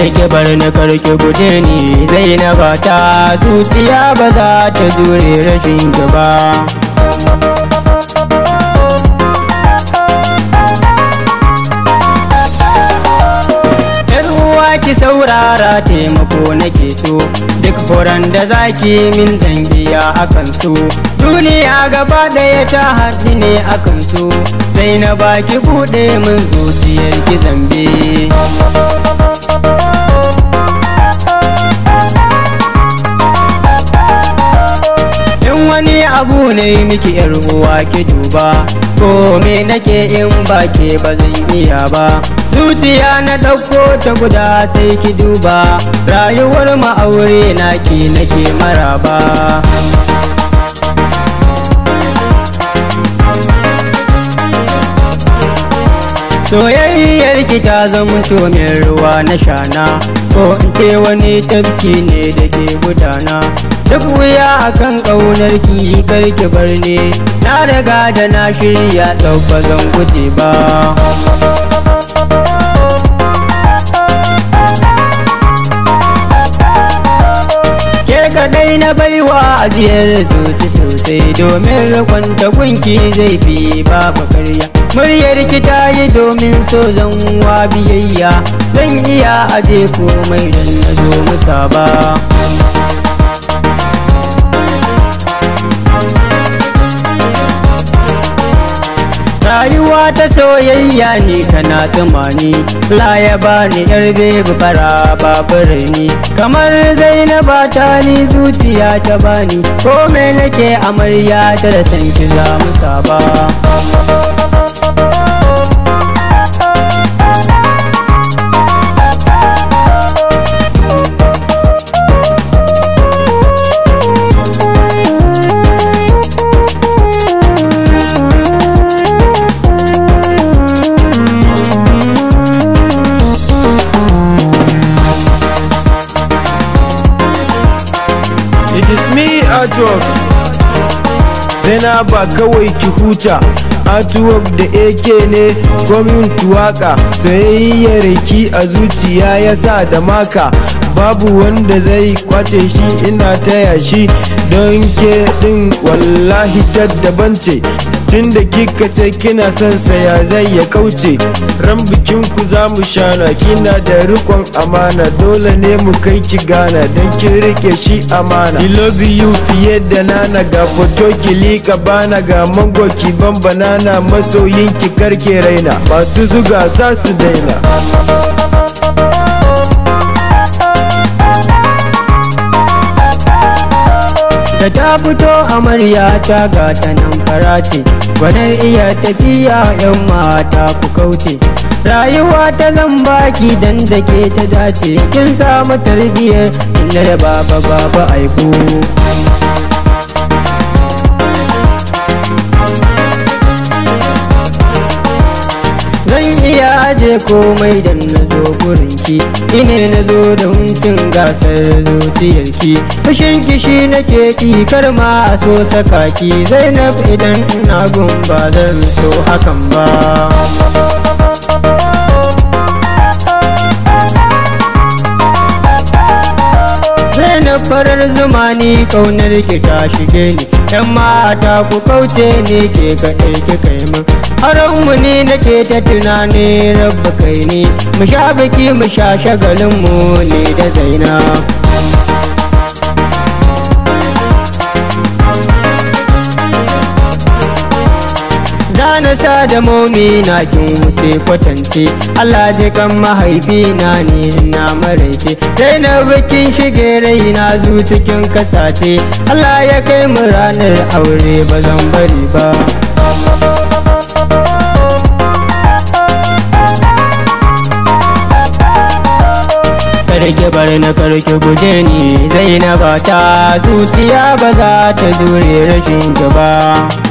rike bar ni karki guje ni zai na bata zuciya ba za ta jure rashin ki ba ki saurara taimako nake so duk horon da zaki min zangiya akan so duniya gaba daya ta haɗi ne akan so sai na baki buɗe min zuciyar ki zambe wani abu ne miki yar uwa ki duba ko me nake in ba ke ba zan iya ba zuciya na dauko ta guda sai ki duba rayuwar ma'aure na ki nake maraba ki ta zamanto mai ruwa na shana ko in ce wani tafki ne da ke gudana duk wuya akan ƙaunar ki karki bar ne na riga da na shirya tsabbazan guje ba kaɗai na baiwa ajiyar zuci sosai domin rikon ta kunki zai fi babu karya muryar ki ta yi domin so zan wa biyayya zan iya ajiye komai don na zo ba. rayuwa ta soyayya ne kana tsammani laya ba ni yar bebu fara babure kamar zainaba ta ni zuciya ta bani ko me nake amarya ta da za mu saba artwork ba kawai ki huta artwork da ak ne gwamnati waka soyayyar ki a zuciya yasa da maka babu wanda zai kwace shi ina taya shi don ke din wallahi ta daban ce tun da kika ce kina son saya zai ya kauce ran bikin ku za mu shana kina da rikon amana dole ne mu kai ki gana don ki rike shi amana i love you fiye da nana ga foto ki lika bana ga mango ki ban banana masoyin ki karke raina masu zuga za su daina da ta fito amarya ta gata nan farace, ce iya tafiya yan mata ku kauce rayuwa ta zan baki dan da ke ta dace kin samu tarbiyyar inda da baba baba aiko iya aje komai da na zo gurinki ine na zo da huntun gasar zuciyarki fushin kishi nake ki karma a so sakaki zainab idan ina gun ba zan so hakan ba farar zumani ni kaunar ki ta shige ni yan mata ku kauce ni ke kaɗai ki kai min haran mu ne nake ta tunani rabba kai ne mu sha biki mu sha shagalin mu ne da zaina nasa da na kin wuce kwatance Allah je kan mahaifi mahaifina ne na maraice na bikin shige na zu cikin kasace Allah ya kai mu ranar aure ba zan bari ba karki bar na karki guje ni zainaba ta zuciya ba za ta zure rashin ki ba